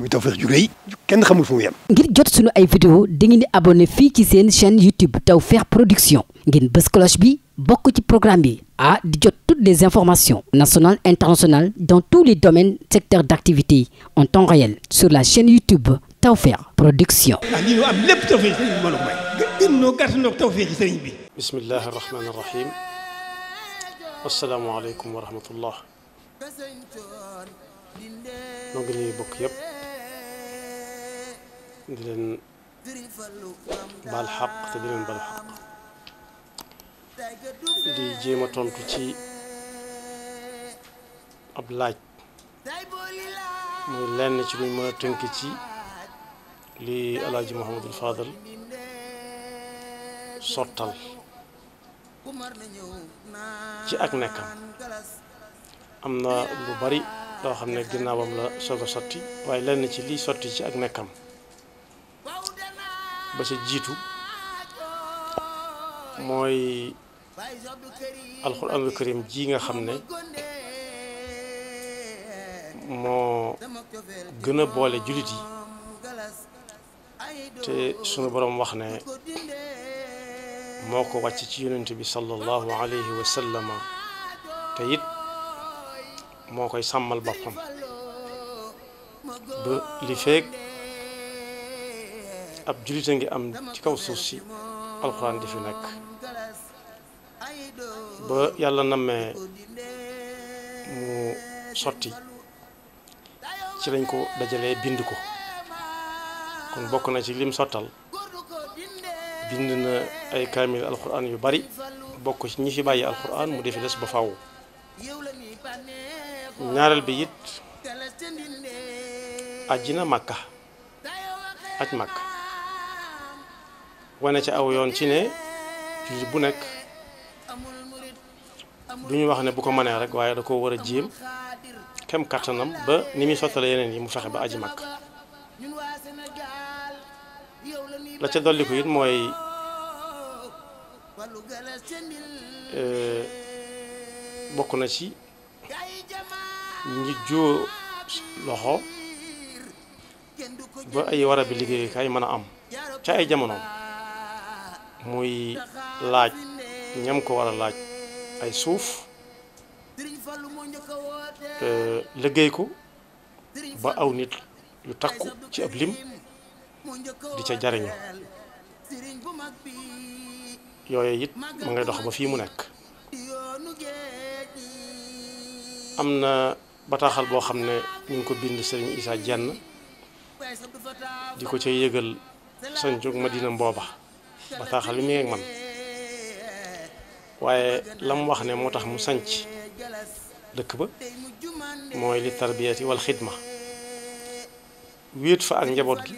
muy Tawfekh ju rëy kenn xamul fu mu ngir jot sunu ay vidéo dangeen di abonné fii ci seen chaîne YouTube Tawfekh Production ngeen bës bi bokk ci programme bi ah di jot toutes les informations nationales internationales dans tous les domaines secteurs d'activité en temps réel sur la chaine YouTube Tawfekh Production. ah lii ñu am lépp Tawfekh sëriñ bi mbooloo mooy. gën gën ñoo gàtt ñoo Tawfekh sëriñ bi. bismillahi rahmaani rahim. asalaamaaleykum wa rahmatullah. ñoo ngi nuyu di leen baal xaq te di leen baal xaq di jéem a tontu ci ab laaj mu lenn ci luñ mën tënk ci li alaaji Muhammadul Faadal sottal ci ak nekkam am na lu bari loo xam ne ginnaawam la soog a sotti waaye lenn ci liy sotti ci ak nekkam ba ca jiitu mooy alxuraanul karim ji nga xam ne moo gën a boole jullit yi te sunu boroom wax ne moo ko wàcc ci yonent bi sallallahu alayhi wa sallama it moo koy sàmmal boppam ba li feek ab jullit a ngi am ci kaw suuf si alxuraan di fi nekk ba yàlla nammee mu sotti ci lañ ko dajalee bind ko kon bokk na ci lim sottal bind na ay kaamil alxuraan yu bari bokk ci ñi fi bàyyi alxuraan mu defi des ba faw ñaareel bi it ajji na màkka aj màkka wane ci aw yoon ci ne jullit bu nekk du wax ne bu ko mënee rek waaye da ko war a jéem kem kàttanam ba ni muy sottale yeneen yi mu fexe ba aji mag la ca dolli ko mooy euh, bokk na ci ñi joo loxo ba ay wara bi liggéeyukaay mën a am ca ay jamonoom muy laaj ñam ko war a laaj ay suuf liggéey ko ba aw nit yu takku ci ab lim di ca jariñu yooyu it mu ngay dox ba fi mu nekk am na bataaxal boo xam ne ñu ngi ko bind Serigne Issa Dieng di ko ca yëgal sañ jóg Madina mbooba bataaxal bi mi ngi ak man waaye la wax ne moo tax mu sanc dëkk ba mooy li tarbiyati wal xidma wéet fa ak njaboot gi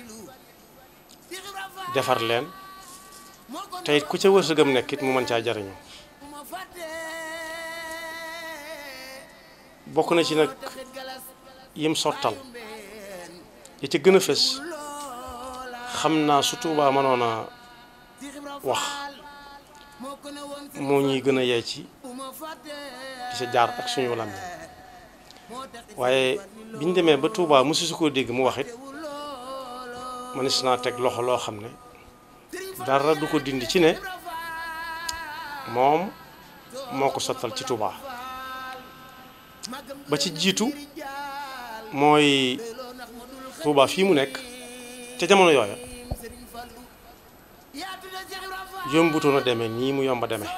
defar leen tey ku ca wërsëgam nekk it mu mën caa jariñoo bokk na ci nag yim sottal yi ci gën a fës xam naa su Tuubaa mënoon wax moo ñuy gën a yey ci di sa jaar ak suñu làmmiñ waaye bi ñu demee ba Touba mosu su koo dégg mu wax it mënees naa teg loxo loo xam ne dara du ko dindi ci ne moom moo ko sottal ci Touba ba ci jiitu mooy Touba fi mu nekk te jamono yooya. yombutoon a demee nii mu yomba deme demee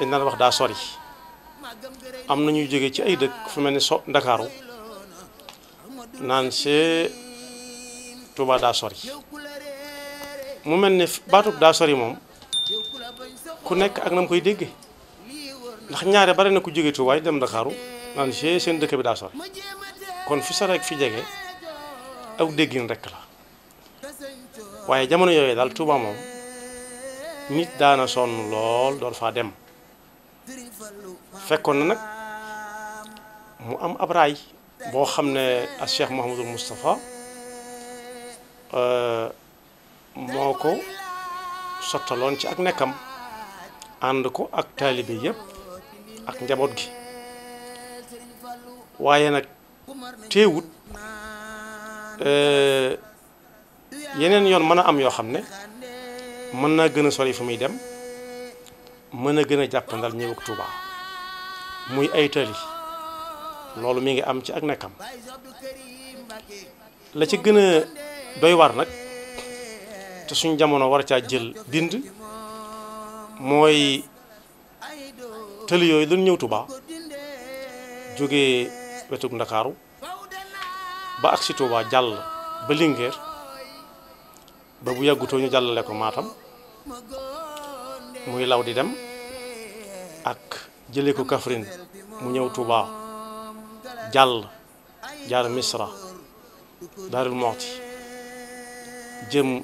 dañ daan wax daa sori am na ñuy jóge ci ay dëkk fu mel ni so ndakaaru naan see Touba daa sori mu mel ni baatub daa moom ku nekk ak na mu koy dégge ndax ñaare bare na ku jóge Touba dem ndakaaru naan see seen dëkk bi daa sori kon fi sori ak fi jege aw déggin rekk la waaye jamono yooyu daal Touba moom nit daana sonn lool door faa dem fekkoon na mu am ab boo xam ne a Cheikh Mouhamadul Moustapha euh, moo ko sottaloon ci ak nekkam ànd ko ak taalibe yépp ak njaboot gi waaye nag teewut euh, yeneen yoon mën a am yoo xam ne mën naa gën a sori fu muy dem mën a gën a jàppandal ñëw ak Touba muy ay tali loolu mi ngi am ci ak nekkam la ci gën a doy war nag te suñu jamono war caa jël dind mooy tëli yooyu dañu ñëw Touba jóge wetug Ndakaaru ba agsi Touba jàll ba Linguère ba bu yàggutoo ñu jàllale ko Matam muy law di dem ak jëlee ko Kaffrine mu ñëw Touba jàll jaar Misra Daarul Moxti jëm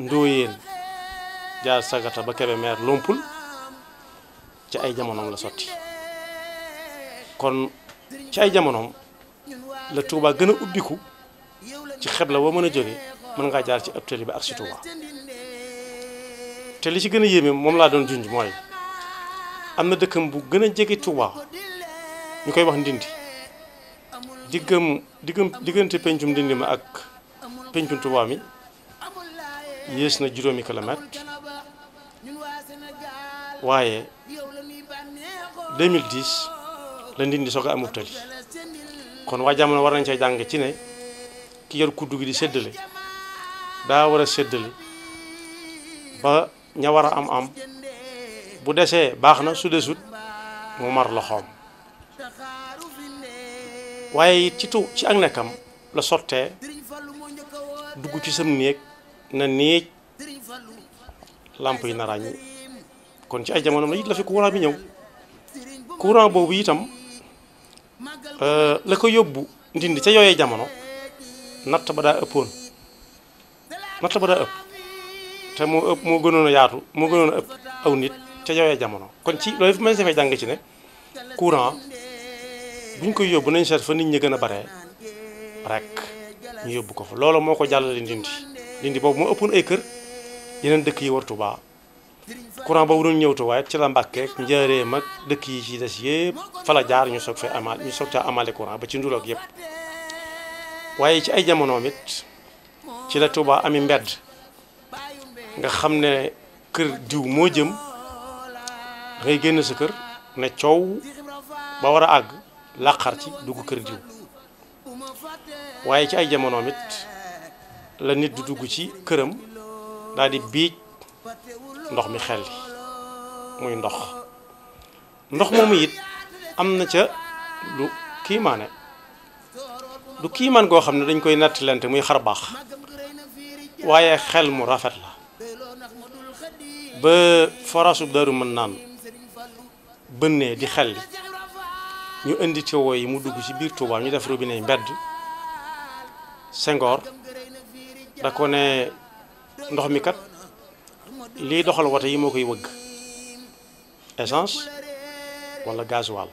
Ndóoyeen jaar Sagata ba Kébémer Lompul ci ay jamonoom la sotti kon ci ay jamonoom la Touba gën a ubbiku ci xeb la woo mën a jóge mën ngaa jaar ci ab tali bi ak si te li ci gën a yéeme moom laa doon junj mooy am na dëkkam bu gën a jege Touba ñu koy wax Ndindi diggam diggam diggante pencum Ndindi ma ak pencum Touba mi yées na juróomi kilomètre waaye 2010 la Ndindi soog a amub tali kon waa jamono war nañ cee jàng ci ne ki yor kuddu gi di séddale daa war a séddale ba ña war a am am bu desee baax na su desut mu mar loxoom waaye it ci tu ci ak nekkam la sottee dugg ci sam néeg na néeg làmp yi na ràññi kon ci ay jamono la it la fi courant bi ñëw courant boobu itam euh, la ko yóbbu ndindi ca yooyee jamono natt ba daa ëppoon natt ba daa ëpp te moo ëpp moo gënoon a yaatu moo gënoon a ëpp aw nit ca jawee jamono kon ci loolu fi may safee jàng ci ne courant buñ koy yóbbu nañ seet fa nit ñi gën a bare rek ñu yóbbu ko fa loolu moo ko jàllale ndindi ndindi boobu moo ëppoon ay kër yeneen dëkk yi war Tuubaa courant boobu doon ñëw Tuubaa ci la Mbàkke ak Njaaréem mag dëkk yi ci des yëpp fa la jaar ñu soog fee amaat ñu soog caa amaale ba ci nduloog yëpp waaye ci ay jamonoom it ci la Tuubaa ami mbedd nga xam ne kër diw moo jëm dangay génn sa kër ne coow ba war a àgg làqar ci dugg kër diw waaye ci ay jamonoom it la nit du dugg ci këram daal di biij ndox mi xel muy ndox ndox moomu it am na ca lu kiimaane lu kiimaan goo xam ne dañ koy nattilante muy xar baax waaye xel mu rafet la ba forasub daru mën naan bënnee di xelli ñu indi tiwo yi mu dugg ci biir Touba ñu def robinet mbedd Senghor da ndox mi kat lii doxal wata yi moo koy wëgg essence wala gasoil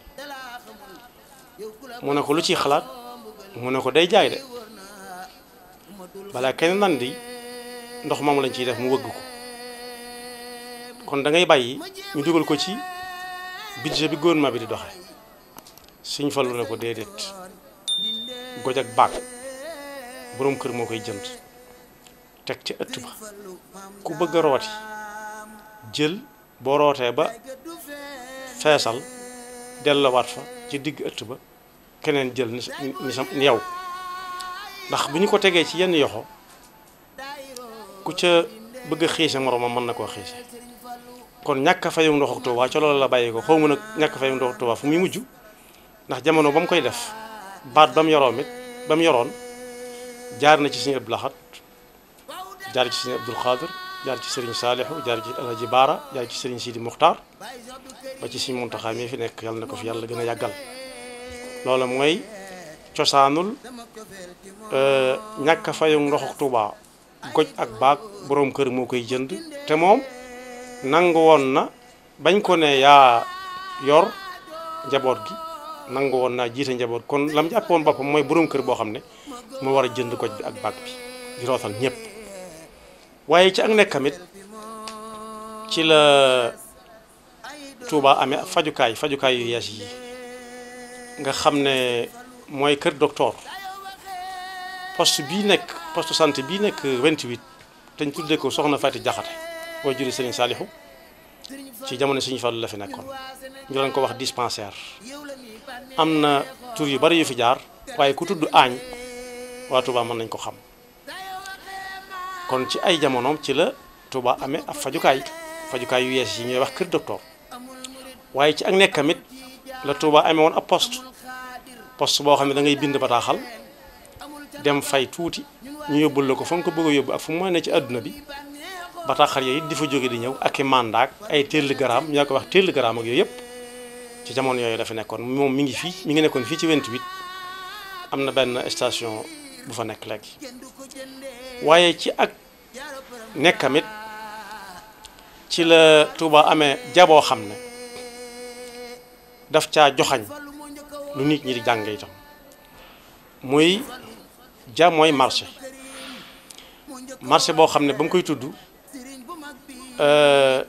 mu ne ko lu ciy xalaat mu ne ko day jaay de balaa kenn nan di ndox moom lañ ciy def mu wëgg ko kon dangay bàyyi ñu dugal ko ci budget bi gouvernement bi di doxe suñ falu ne ko déedéet goj ak baag boroom kër moo koy jënd teg ca ëtt ba ku bëgg a rooti jël boo rootee ba feesal dellowaat fa ci digg ëtt ba keneen jël ni sa ni yow ndax bu ñu ko tegee ci yenn yoxo ku ca bëgg a xiise moroomam mën na koo xiise kon ñàkk a ndox ndoxu Tuuba ca loolu la bàyyi ko xaw ma nag ñàkk a fayum ndoxu Tuuba fu muy mujj ndax jamono ba mu koy def baat ba mu yoroom it ba mu yoroon jaar na ci Sëriñ Abdul Ahad jaar ci Sëriñ Abdul Xaadir jaar ci Sëriñ Saalixu jaar ci Alaaji Baara jaar ci Sëriñ Sidi Muxtaar ba ci Sëriñ Muntaxa mi fi nekk yàlla na ko fi yàlla gën a yàggal loolu mooy cosaanul euh, ñàkk a fayum ndoxu Tuuba goj ak baag boroom kër moo koy jënd te moom nangu woon na bañ ko ne yaa yor njaboot gi nangu woon naa jiite njaboot kon lam jàppoon boppam mooy borom kër boo xam ne moo war a jënd ko bi ak baag bi ñëpp waaye ci ak nekkam it ci la Touba amee fajukaay fajukaay yu yees yi nga xam ne mooy kër docteur post bii nekk post santé bii nekk 28 te ñu tuddee ko soxna Fati Jaxate way juri sëriñ Saalihu ci jamono suñu fàllu la fi nekkoon ñu doon ko wax dispensaire am na tur yu bari yu fi jaar waaye ku tudd aañ waa Touba mën nañ ko xam kon ci ay jamonoom ci la Touba amee ab fajukaay fajukaay yu yees yi ñuy wax kër docteur waaye ci ak nekkamit la Touba amee woon ab poste poste boo xam ne da bind bataaxal dem fay tuuti ñu yóbbul la ko fa nga ko bëgg a yóbbu ak fu mu ne ci àdduna bi bataaxal yooyu di fa jóge di ñëw ak i mandaak ay télégramme ñoo ko wax télégramme ak yooyu yëpp ci jamono yooyu dafa nekkoon moom mi ngi fii mi ngi nekkoon fii ci 28 am na benn station bu fa nekk léegi waaye ci ak nekkamit ci la Touba amee jaboo xam ne daf caa joxañ lu nit ñi di jàng itam muy ja mooy marché marché boo xam ne ba mu koy tudd Euh,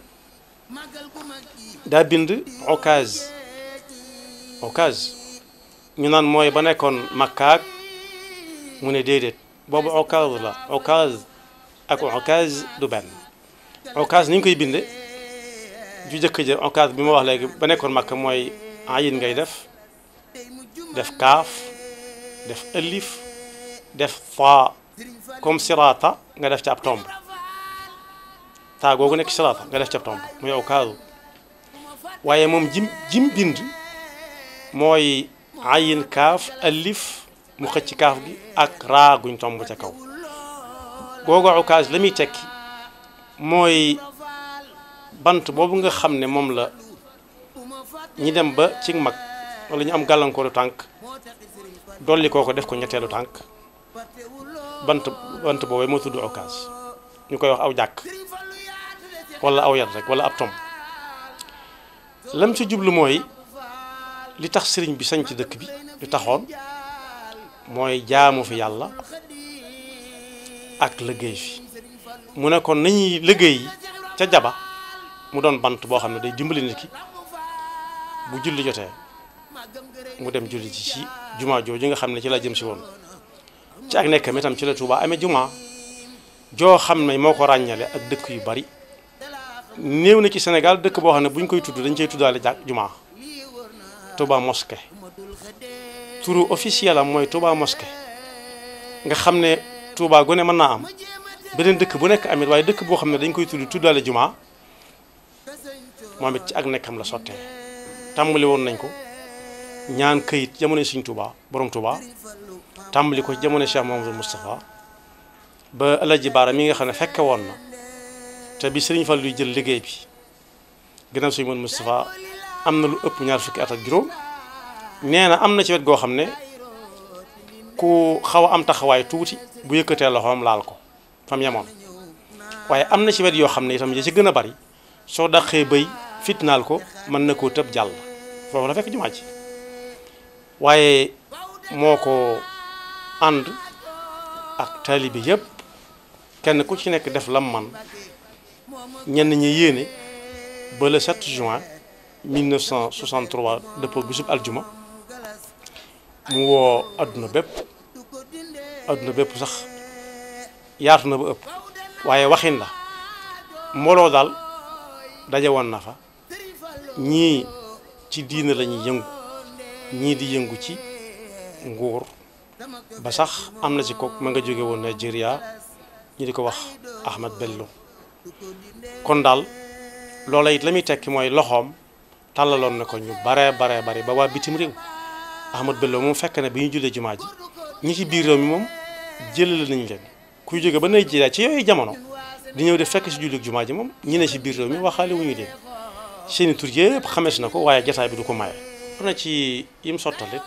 daa bind ocase ocase ñu naan mooy ba nekkoon makkaak mu ne déedéet boobu ocase la ocase ak ocase du benn ocase ni koy binde ju jëkk ja ocase bi ma wax léegi ba nekkoon makka mooy ayin ngay def def kaaf def ëllif def fa comme sirata nga def ci aptombre taa googu nekk salaafa nga def ca tomb muy aw waaye moom jim jim bind mooy ayin kaaf alif mu xëcc kaaf gi ak raaguñ guñ tomb ca kaw googu aw kaas la muy tekki mooy bant boobu nga xam ne moom la ñi dem ba ci mag wala ñu am gàllankooru tànk dolli koo ko def ko ñetteelu tànk bant bant boobee moo tudd aw ñu koy wax aw jàkk wala aw yat rek wala ab tomb lam ci jublu mooy li tax sëriñ bi sañ ci dëkk bi li taxoon mooy jaamu fi yàlla ak liggéey fi mu ne kon nañuy liggéey ca jaba mu doon bant boo xam ne day dimbali nit ki bu julli jotee mu dem julli ji ci juma jooju nga xam ne ci la jëm si woon ci ak nekkam itam ci la Tuubaa amee juma joo xam ne moo ko ràññale ak dëkk yu bari néew na ci Sénégal dëkk boo xam ne buñ koy tudd dañ cay tuddaale jumaa Touba moske turu officiel am mooy tubaa moske nga xam ne Touba gu ne mën naa am beneen dëkk bu nekk amit waaye dëkk boo xam ne dañ koy tudd tuddaale jumaa moom it ci ak nekkam la sottee tàmbali woon nañ ko ñaan këyit jamono siñ tubaa borom Touba tàmbali ko jamono Cheikh Mamadou Moustapha ba El Hadj Baara mi nga xam ne fekke woon na. te bi Serigne Fall luy jël liggéey bi gannaaw suñu mën Moustapha am na lu ëpp ñaar fukki at ak juróom nee na am na ci wet goo xam ne ku xawa a am taxawaay tuuti bu yëkkatee loxoom laal ko fam yemoon waaye am na ci wet yoo xam ne itam yi ci gën a bari soo daqee béy fitnaal ko mën na koo tëb jàll foofu la fekk jumaa ji waaye moo ko ànd ak taalibe yépp kenn ku ci nekk def lam man ñenn ñi yéene ba le 7 juin 1963 dëppoo bisub aljuma mu woo adduna bépp àdduna bépp sax yaatu na ba ëpp waaye waxin la mbooloo daal daje woon nafa ñii ci diina lañuy yëngu ñii di yëngu ci nguur ba sax am na ci ko ma nga jóge woon Nigeria ñu di ko wax Ahmed Bello kon daal loola it la muy tekki mooy loxoom tàllaloon na ko ñu baree baree bari ba waa bitim réew Ahmad Bello moom fekk na bi ñu jullee jumaa ji ñi ci biir réew mi moom jëlal nañ leen kuy jóge ba nay jidaa ci yooyu jamono di ñëw de fekk si jullit jumaa ji moom ñi ne ci biir réew mi waxaale wu ñu leen seeni tur yëpp xamees na ko waaye jataay bi du ko maye war na ci yim sottalit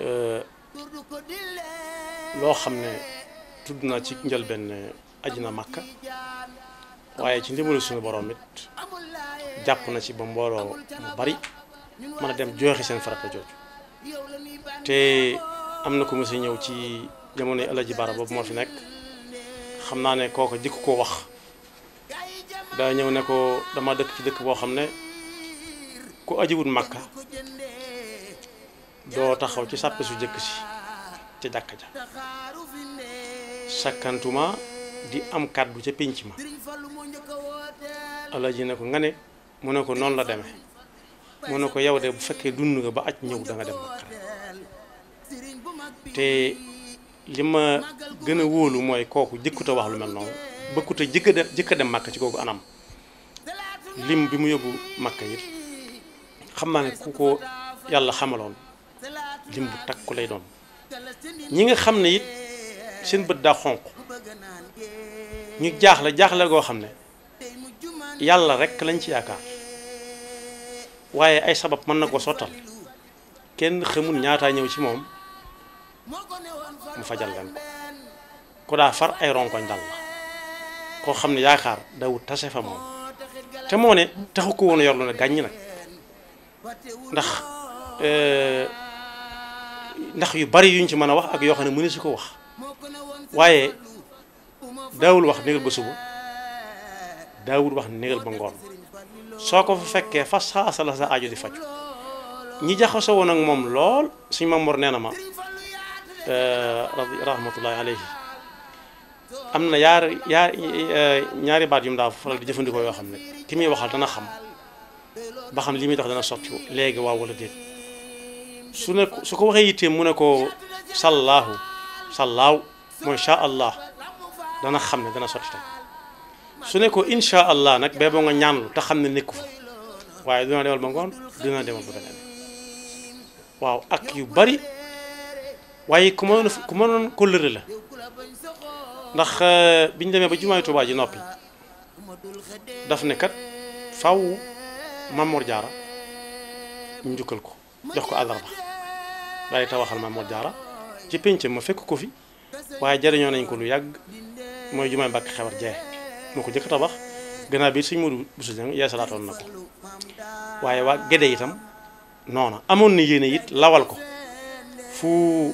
euh, loo xam ne tudd naa ci njëlbeen aji na màkka waaye ci ndimbalu suñu borom it jàpp na ci ba mbooloo mu bari mën a dem joxe seen farata jooju te am na ko mos ñëw ci jamono yi Alaaji Bara boobu moo fi nekk xam naa ne kooka dikk koo wax daa ñëw ne ko dama dëkk ci dëkk boo xam ne ku ajiwut màkka doo taxaw ci sàppe su jëkk si ci jàkka ja sakkantuma di am kàddu ca pénc ma alaaji ne ko nga ne mu ne ko noonu la demee mu ne ko yow de bu fekkee dund nga ba aj ñëw da nga dem Makka te li ma gën a wóolu mooy kooku jëkkut wax lu mel noonu bëkkut a dem jëkk ci kooku anam lim bi mu yóbbu makk yi xam naa ku ko yàlla xamaloon lim bu ku lay doon ñi nga xam ne it seen bët daa xonq ñu jaaxle jaaxle goo xam ne yàlla rek lañ ci yaakaar waaye ay sabab mën na ko sottal kenn xamul ñaata ñëw ci moom mu fajal leen ko ku daa far ay ronkoñ dal la koo xam ne yaakaar dawut tase fa moom te moo ne taxu ko woon yorlu ne gàññ nag ndax euh, ndax yu bari yuñ ci mën a wax ak yoo xam ne mënu si ko wax waaye daawul wax négal ba suba daawul wax négal ba ngoon soo ko fa fekkee fa saasa la sa aajo di faju ñi jaxasoo woon moom lool suñu Mamoor nee na ma euh, rahmatullahi alayhi am na yaar yaar euh, ñaari baat yu mu daa faral di jëfandikoo yoo xam ne ki muy waxal dana xam ba xam li muy tax dana sotti léegi waaw wala déet su ne su ko waxee yitteem mu ne ko sallaahu sallaaw mooy sha allah dana xam ne dana sotti su ne ko incha allah nag bee boo nga ñaanlu te xam ne nekku fa waaye dina demal ba ngoon dina demal ba beneen waaw ak yu bari waaye ku ma ku ma doon kóllëre la ndax euh, bi ñu demee ba jumaay Tuubaa ji noppi daf ne kat faw Mamor Jaara njukkal ko jox ko àllarba daal di tawaxal Mamor Jaara ci pénc ma fekk ko fi waaye jariñoo nañ ko lu yàgg mooy jumaay Mbàkke Xewar Jaay moo ko jëkk tabax gannaaw bi suñ Modou Bousso Dieng na waaye waa Gédé itam noona amoon na yéene it lawal ko fu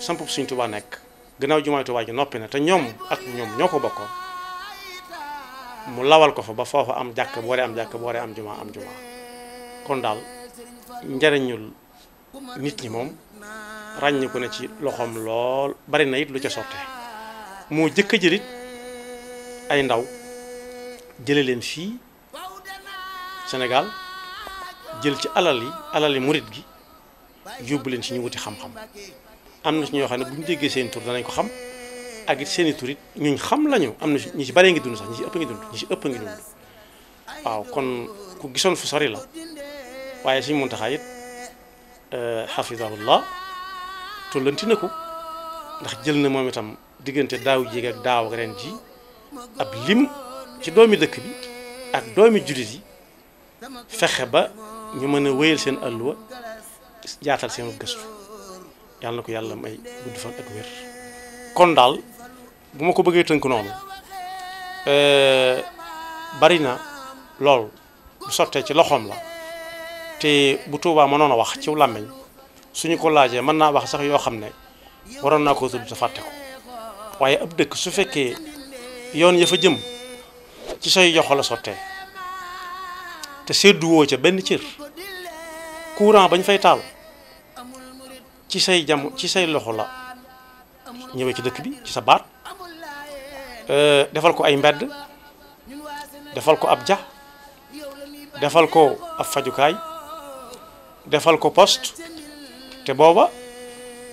sampub suñ Tuubaa nekk gannaaw jumaay Tuubaa ji noppi na te ñoom ak ñoom ñoo ko bokkoon mu lawal ko fa ba foofa am jàkk booree am jàkk booree am jumaa am jumaa kon daal njariñul nit ñi moom ràññiku na ci loxoom lool bari na it lu ca sottee moo jëkk a jëlit ay ndaw jële leen fii senegal jël ci alal yi alal yi murit gi yóbbu leen ci ñu wuti xam-xam am na ci ñoo xam ne bu ñu déggee seen tur danañ ko xam ak it seen i tur it xam lañu am na ñu ci baree ngi dund sax ñi ci ëpp ngi dund ñi ci ëpp ngi dund waaw kon ku gisoon fu sori la waaye suñu muntaxaa it xafidahullah euh, tollanti na ko ndax jël na moom itam diggante daaw jéeg ak daaw ak ren ji ab lim ci doomi dëkk bi ak doomi jullit yi fexe ba ñu mën a wéyal seen àlluwa jaatal seen gëstu yàlla ko yàlla may gudd fan ak wér kon daal bu ma ko bëggee tënk noonu euh, bari na lool bu sottee ci loxoom la te bu tuubaa mënoon a wax ci làmmiñ suñu ko laajee mën naa wax sax yoo xam ne waroon naa ko tudd te fàtte ko waaye ab dëkk su fekkee yoon ya fa jëm ci say joxo la sottee te seddu ca benn cër courant bañ fay taal ci say jam ci say loxo la ñëwee ci dëkk bi ci sa baat euh, defal ko ay mbedd defal ko ab ja defal ko ab fajukaay defal ko post te booba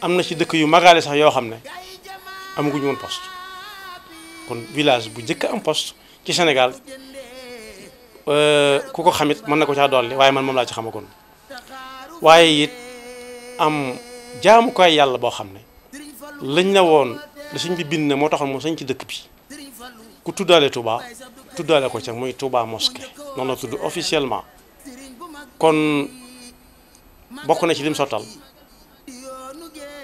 am na ci dëkk yu magaale sax yoo xam ne amaguñu woon poste kon village bu njëkk am poste ci Sénégal euh, ku ko xamit mën na ko caa dolli waaye man moom laa ci xamagoon waaye it am jaamukaay yàlla boo xam ne lañ la woon da suñ bi bind na moo taxoon mu sañ ci dëkk bi ku tuddaale Touba tuddaale ko ca muy Touba mosquée noonu tudd officiellement kon bokk na ci lim sottal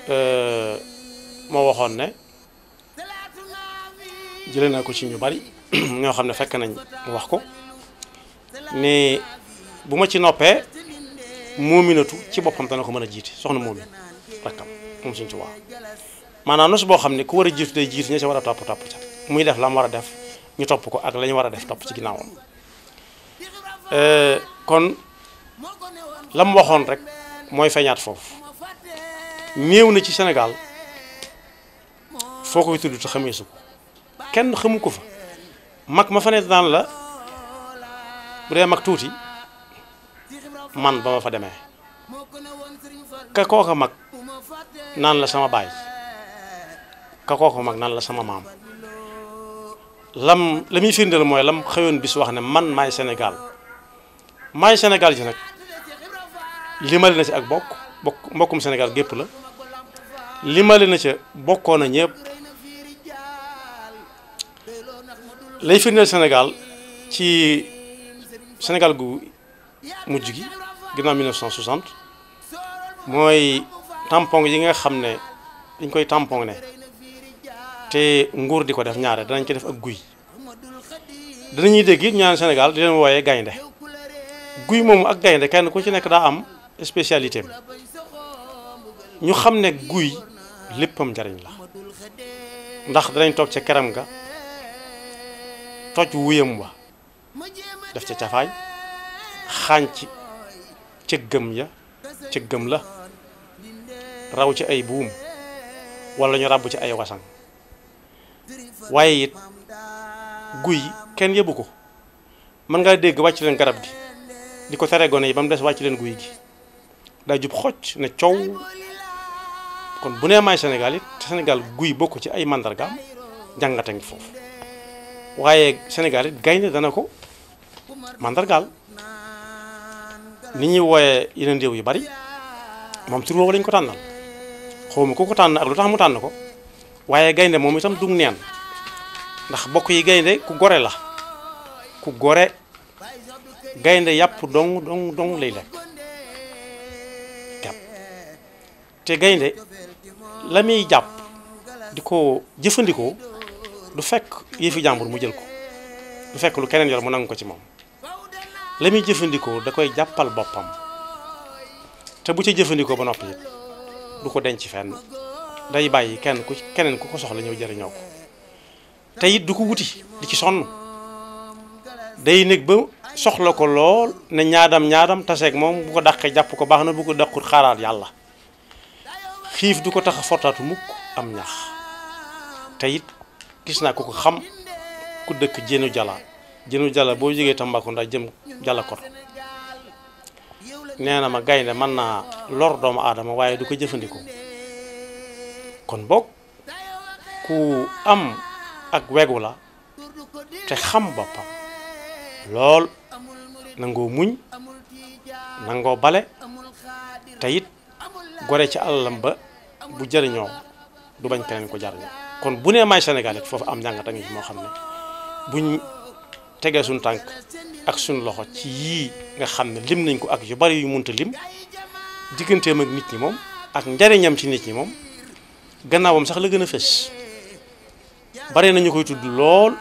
euh, moo waxoon ne jëlee naa ko ci ñu bari ñoo xam ne fekk nañ mu wax ko ne bu ma ci noppee moominatu ci boppam dana ko mën a jiit soxna moomin rakkam moom suñ ci waaw maanaam nosu boo xam ne ku war a jiitu day jiitu ña ca war a topp topp ca muy def la mu war a def ñu topp ko ak la war a def topp ci ginnaawam euh, kon lam waxoon rek mooy feeñaat foofu néew na ci senegal foo koy tudd te xamee su kenn xamu ko fa mag ma fa ne daan la bu dee mag tuuti man ba ma fa demee ka kooka mag naan la sama baay ka kooka mag naan la sama maam lam la muy mooy lam xëyoon bis wax ne man may Sénégal maay Sénégal ji nag limali na ci ak bokk bokk mbokkum Sénégal gépp la limali na ca bokkoon na ñëpp lay firndeel Sénégal ci Sénégal gu mujj gi ginnaaw 1960 mooy tampon yi nga xam ne dañ koy tampon ne te nguur di ko def ñaare danañ ko def ak guy danañuy dégg ñaan Sénégal di leen wooyee gaynde guy moom ak gaynde kenn ku ci nekk daa am spécialité am ñu xam ne guy léppam njariñ la ndax danañ toog ca keram ga toj wuyam wa def ca cafaañ xànc gëm ya ca gëm la raw ci ay buum walla ñu ràbb ci ay wasan waaye it guy kenn yëbu ko mën ngaa dégg wàcc leen garab gi di ko tere gone yi ba mu des wàcc leen guy gi daa jub xocc ne coow kon bu nee maay Sénégal it guy bokk ci ay mandargaam jàngate ngi foofu waaye Sénégal gaynde dana ko mandargaal ni ñuy wooyee yeneen réew yu bari moom tur woowu lañ ko tànnal xawma ku ko tànn ak lu tax mu tànn ko waaye gaynde moom itam dug neen ndax bokk yi gaynde ku gore la ku gore gaynde yàpp dong dong dong lay lekk te gaynde la muy jàpp di ko jëfandikoo du fekk yëfi jàmbur mu jël ko du fekk lu keneen yor mu nangu ko ci moom la jëfandikoo da koy jàppal boppam te bu ca jëfandikoo ba noppi du ko denc fenn day bàyyi kenn ku keneen ku ko soxla ñëw jëriñoo ko te it du ko wuti di ci sonn day néeg ba soxla ko lool ne ñaadam ñaadam taseeg moom bu ko daqee jàpp ko baax na bu ko dàqut xaaraat yàlla xiif du ko tax a fortaatu mukk am ñax te gis naa ko ko xam ku dëkk Jéenu Jala Jéenu Jala boo jógee Tambacounda jëm Jalakor nee na ma gaynde mën naa lor doomu aadama waaye du ko jëfandikoo kon bokk ku am ak wegu la te xam boppam lool nangoo muñ nangoo bale te it gore ci alalam ba bu jëriñoo du bañ keneen ko jariñoo kon bu nee maay Sénégal foofu am njàngat ak moo xam ne buñ tegee suñ tànk ak suñu loxo ci yii nga xam ne lim nañ ko ak yu bari yu munta lim digganteem ak nit ñi moom ak njariñam ci nit ñi moom gannaawam sax la gën a fës bari nañu koy tudd lool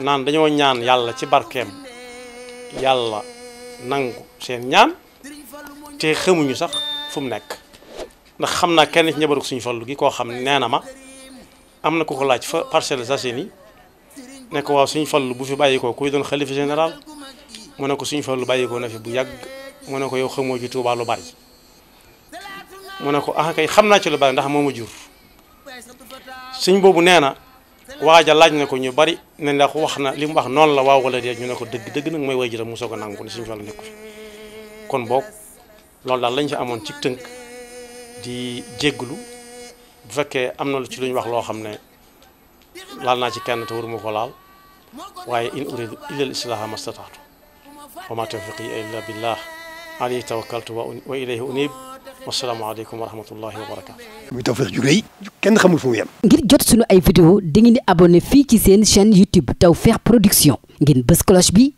naan dañoo ñaan yàlla ci barkeem yàlla nangu seen ñaan te xamuñu sax fu mu nekk ndax xam naa kenn ci njabaru suñu fallu gi koo xam nee na ma am na ku ko laaj fa Parcelles Assainies ne ko waaw suñ fallu bu fi bàyyikoo ku doon xalifa général mu ne ko suñ fallu bàyyikoo na fi bu yàgg mu ne ko yow xamoo ci Tuubaa lu mu ne ko ah xam naa ci lu bari ndax moom ma jur suñ boobu nee na waaja laaj na ko ñu bari ne ndax wax na li mu wax noonu la waaw wala déet ñu ne ko dëgg dëgg nag mooy way jitam mu soog a nangu ne suñ fallu nekku kon boog loolu daal lañ fi amoon ci tënk di jégglu bu fekkee am na lu ci lu ñu wax loo xam ne laal naa ci kenn te waruma ko laal waaye in uridu illal islaaha mastataatu wa ma tawfiqi illa billah alayhi tawakkaltu wa ilayhi unib wasalaamaaleykum wa rahmatullahi wa kenn xamul fu mu yem. ngir jot sunu ay vidéo dangeen di abonné fii ci seen chaîne YouTube Tawfekh Production ngeen bës cloche bi.